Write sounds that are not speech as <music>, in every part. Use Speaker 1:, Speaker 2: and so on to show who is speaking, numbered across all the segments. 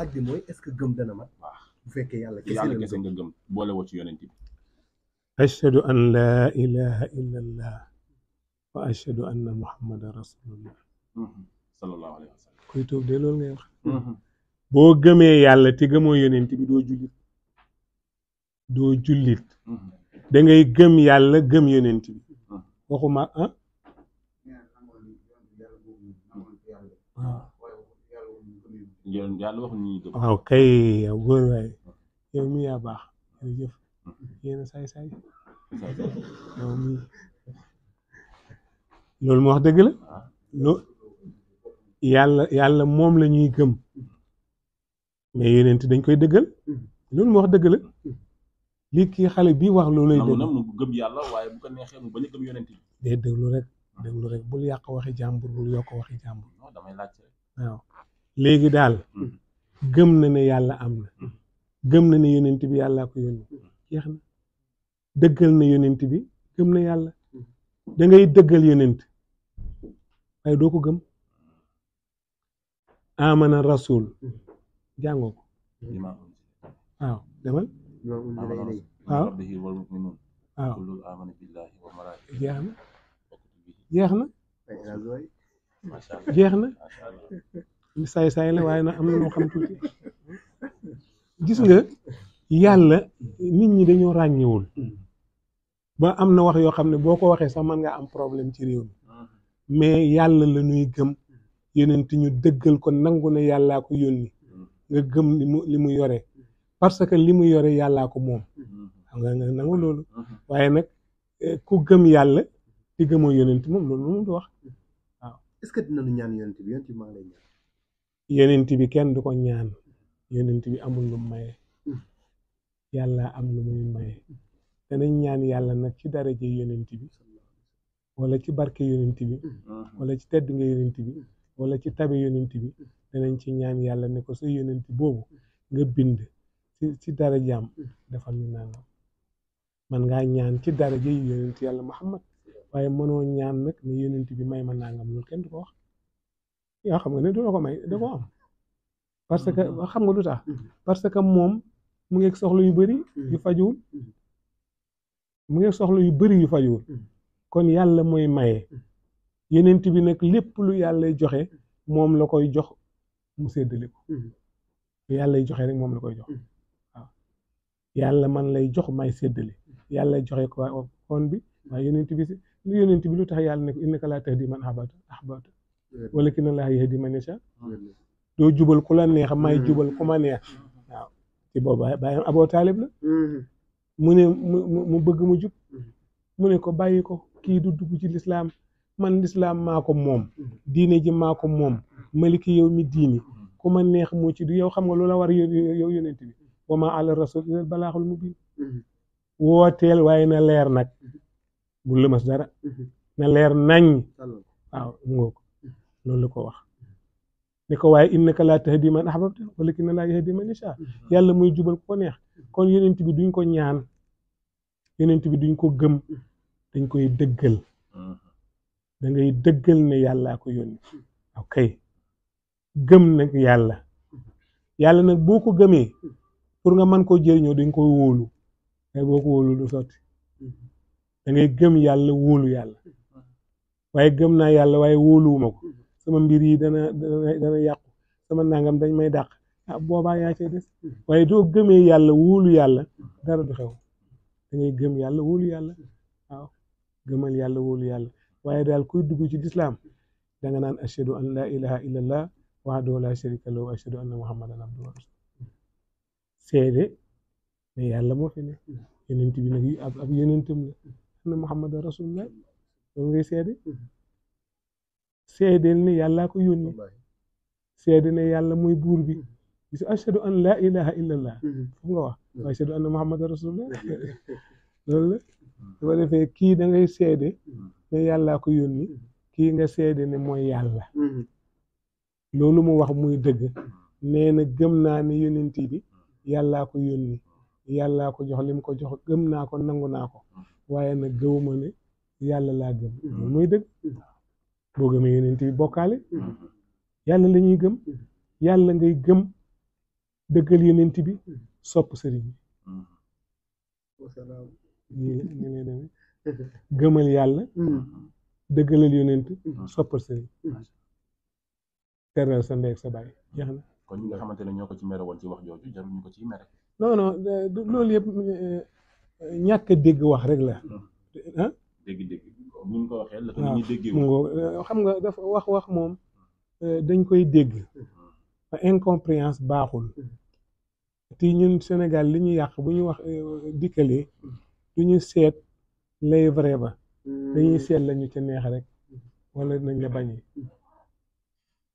Speaker 1: laaj bi mooy est que gëm dana mat bu fekkee yàlla yàlla kese nga gëm boole woo ci yonent bi ashhadu mhm. mhm. boo gëmee yàlla te gëmoo yonent bi doo jullit doo mhm. ngay gëm yàlla gëm yonent bi waxuma ah? yow yàlla wax ni waaw yow góor waaye yow mii yaa baax jërëjëf jëf <laughs> a saay saay yow mii loolu moo wax dëgg la ah. loo yàlla yàlla moom la ñuy gëm mais yonent dañ koy dëggal loolu moo wax dëgg la lii kii xale bi wax loolu lay dëgg gëm yàlla waaye bu neexee mu bañ a gëm yonent bi day déglu rek déglu rek bul yàq waxi jàmbur bul yokk waxi jàmbur damay laaj waaw léegi daal hmm. gëm na ne yàlla am na hmm. gëm na ne yonent bi yàllaa ko yónni hmm. jeex na dëggal na yonent bi gëm na yàlla dangay ngay dëggal yonent waaye doo ko gëm amana rasul jàngoo ko waaw demal waaw jeex na jeex na jeex na saay-saay la waaye nag am na loo xam tuuti <laughs> gis nga yàlla nit ñi dañoo ràññewul ba am na wax yoo xam ne boo ko waxee sax man ngaa am problème ci réew mm-hmm. mais yàlla la nuy gëm yonent ñu dëggal ko nangu ne yàllaa ko yónni mm-hmm. nga gëm li mu li mu yore parce que li mu yore yàllaa ko moom mm-hmm. xam nga nga nangu loolu waaye nag eh, ku gëm yàlla di gëmoo yonent moom loolu lu mu wax waaw. est-ce que dinañu ñaan yonent bi yonent bi kenn du ko ñaan yonent bi amul lu maye hmm. yàlla am lu muy maye danañ ñaan yàlla nag ci daraje yonent bi wala ci barke yonent bi hmm. wala ci tedd bi hmm. wala ci tabe yonent bi danañ ci ñaan yàlla ne ko sa yonent boobu nga bind ci ci darajaam defal ñu nangam man ngaa ñaan ci daraje yi yonent yàlla Muhammad waaye mënoo ñaan nag ne yonent bi may ma nangam loolu kenn du ko wax yaa xam nga ne du la ko may da ko am parce que mm-hmm. xam nga lu tax mm-hmm. parce que moom mu ngi soxlu yu bëri mm-hmm. yu fajuwul mu ngi soxla yu bëri yu fajuwul kon yàlla mooy maye yenent bi nag lépp lu yàlla joxe moom la koy jox mu seddale ko lu yàlla joxe rek moom la koy jox waaw yàlla man lay jox may séddale yàlla joxe ko kon bi waaye yenent bi yenent bi lu tax yàlla ne ko innaka laa tahdi man ahbabta wala ki na laa yahdi man doo jubal ku la neex may jubal ku ma neex waaw ci boobu bàyyam aboo taalib la mm-hmm. mu ne mu bëgg mu jub mm-hmm. mu ne ko bàyyi ko kii du dugg ci lislaam man lislaam maa ko moom mm-hmm. diine ji maa moom maliki yow mi diini ku neex mu ci du yow xam nga loola war yow yonent bi wa maa ala rasul ilal balaaxul mubiin wooteel waaye na leer nag bu lëmas dara na leer nañ loolu la ko wax ne ko waaye innaka laa tahdi man ahbabta walakinna laa yahdi man yashaa yàlla muy jubal ko neex kon yonent bi duñ ko ñaan yonent bi duñ ko gëm dañ koy dëggal da ngay dëggal ne yàllaa ko yónni ok gëm nag yàlla yàlla nag boo ko gëmee pour nga mën koo jëriñoo dañ koy ko wóolu du sotti da ngay gëm yàlla wóolu yàlla waaye gëm naa yàlla waaye wóoluwuma sama mbir yi dana dana yàqu sama nangam dañ may dàq booba ah, boobaa yaa cay des waaye doo gëmee yàlla wóolu yàlla dara du xew da gëm yàlla wóolu yàlla waaw gëmal yàlla wóolu yàlla waaye daal kuy dugg ci lislaam da naan ashhadu an la ilaha illallah wahdahu la sharika lahu wa muhammadan abduhu wa seede la anna muhammadan rasulullah loolu ngay seede seedeel ne yàllaa ko yónni seede ne yàlla muy buur bi mm-hmm. gis ashadu an laa ilaha illallah mm-hmm. foofu nga wax mm-hmm. ashadu anna muhammadan rasulullah <laughs> <laughs> loolu la kii da seede yàllaa ko yónni kii nga seede ne mooy yàlla loolu mu wax muy dëgg nee na gëm naa ne yónenti bi yàllaa ko yónni yàllaa ko jox lim ko jox gëm naa ko nangu naa ko waaye nag gëwuma ne yàlla laa gëm mooy dëgg boo gëmee yonent bi bokkaale mm-hmm. yàlla la ñuy gëm mm-hmm. yàlla ngay gëm dëggal yonent bi mm-hmm. sopp sëriñ bi gëmal yàlla dëggalal yonent soppal sëriñ teral sa ndey ak sa bàyyi jeex na kon ñi nga xamante ne ñoo ko ci mere woon ci wax jooju jarul ñu ko ci mere non non euh, loolu yëpp euh, ñàkk dégg wax rek la ko waxee euh, xam nga dafa wax wax moom euh, dañ koy dégg mm-hmm. incompréhension baaxul mm-hmm. ti ñun Sénégal li ñu yàq bu ñu wax euh, dikkalee mm-hmm. du ñu seet lay vrai ba dañuy seet lañu ca neex rek wala nañ la bañee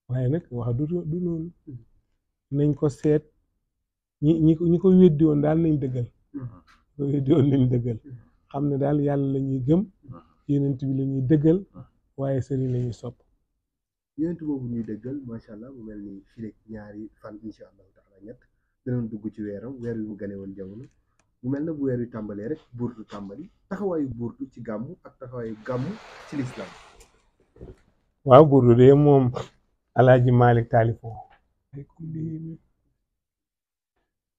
Speaker 1: waaye nag wax du du noonu nañ ko seet ñi ñi ñi ko weddi woon daal nañ dëggal ko xam ne daal yàlla lañuy ñuy gëm yonent bi la ñuy dëggal waaye sëriñ la ñuy sopp. boobu ñuy dëggal macha allah mu mel ni fii ñaari fan incha allahu taala ñett danañ dugg ci weeram weer wi mu gane woon jamono mu mel na bu weer wi tàmbalee rek buurtu tàmbali taxawaayu buurtu ci gàmmu ak taxawaayu gàmmu ci lislaam waaw buurtu de moom alaaji Malick taalifoo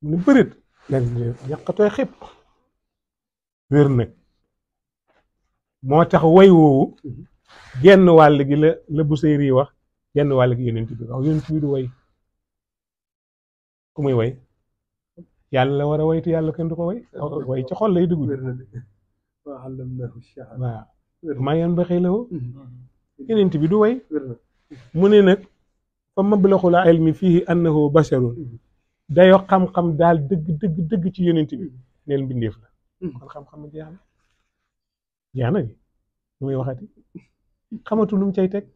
Speaker 1: mu ne bërit nag ñaqatooy xëpp wér nag motax way woowu genn wàll gi la la Buseyri wax genn wàll gi yonent bi wax yonent bi du way kumuy way yàlla wara way tu yàlla ken du ko way way ci xol lay dugul wa dugg waaw ma yan baxee la woo yonent bi du way mune nak fa mablaxul ilmi fihi annahu basharun dayoo xam-xam dal deug deug deug ci yonent bi neel mbindeef la xam-xam jeex na jeex na di lu waxati xamatu lu cay teg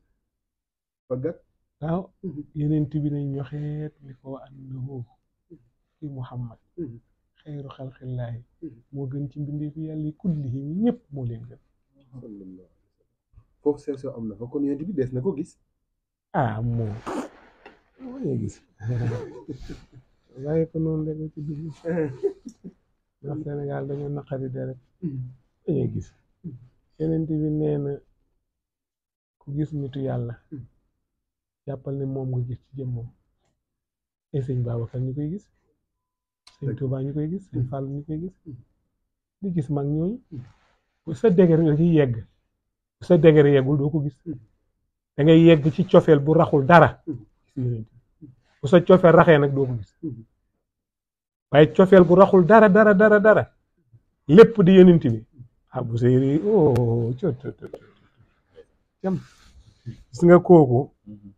Speaker 1: waaw mhm. yeneen bi nañ ñoxeet li ko annahu fi muhammad mhm. xayru mhm. moo gën ci mbindeefi yàlla kullihi moo leen gën foofu sew am na fa kon yonent bi des na ko gis ah moom mooy gis <laughs> waaye ko noonu rek ci dugg <laughs> ndax Sénégal dañoo naqari de rek dañoo gis yeneen bi nene kugis ku gis nitu yàlla jàppal ne moom nga gis ci moom et sëñ Babacar ñu koy gis sëñ Touba ñu koy gis sëñ Fall ñu koy gis di gis mag ñooñu bu sa degar da ci yegg bu sa degar yeggul doo ko gis da ngay yegg ci cofeel bu raxul dara bu sa cofeel raxee nag doo ko gis waaye cofeel bu raxul dara dara dara dara lépp di yenent bi Abusayri oh co jam gis nga kooku mm-hmm.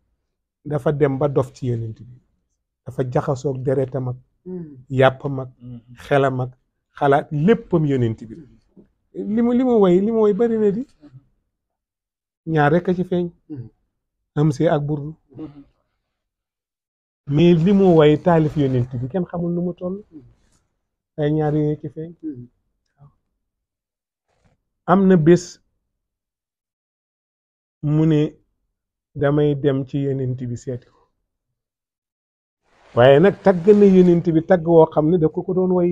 Speaker 1: dafa dem ba dof ci yonent bi dafa jaxasoog deretam ak mm-hmm. yàppam ak mm-hmm. xelam ak xalaat léppam yonent bi li mu li mu woy li mu woy bari na di ñaar rek a ci feeñ am see ak burdu mais li mu woy taalif yonent bi kenn xamul nu mu toll ay ñaar yooyu ci feeñ am na bés mu ne damay dem ci yenent bi seeti ko waaye nag tagg na yenent bi tagg woo xam ne da ko ko doon woy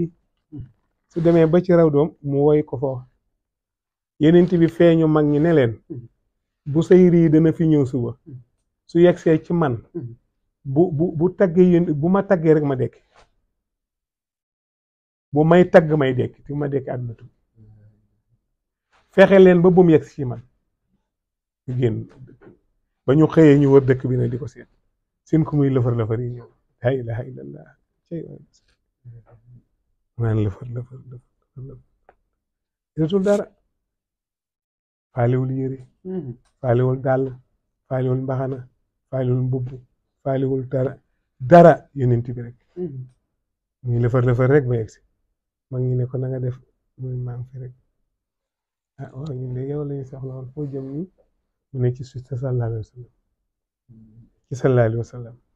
Speaker 1: su demee ba ci raw doom mu woy ko foofu yenent bi feeñu mag ñi ne leen bu say yi dana fi ñëw suba su yeg yegsee ci man bu bu taggee yéen bu ma taggee rek ma dekk bu may tagg may dekk te ma dekk àdduna tukki fexe leen ba bom mu yegg si man ñu ba ñu xëyee ñu wër dëkk bi ne di ko seet seen ku muy lëfër lëfër yi ñëw laa ilaha illallah naan lëfër dara faalewul yére mm-hmm. faalewul dàll faalewul mbaxana faalewul mbubb faalewul dara dara yonent bi rek mm-hmm. muy lëfër lëfër rek ba yegg si mag ñi ne na nga def muy maa fi rek ah waaw ñun de yow lañu soxla woon foo jëm nii mu ne ci suuf si sallallahu alayhi wa ci sallallahu alayhi wa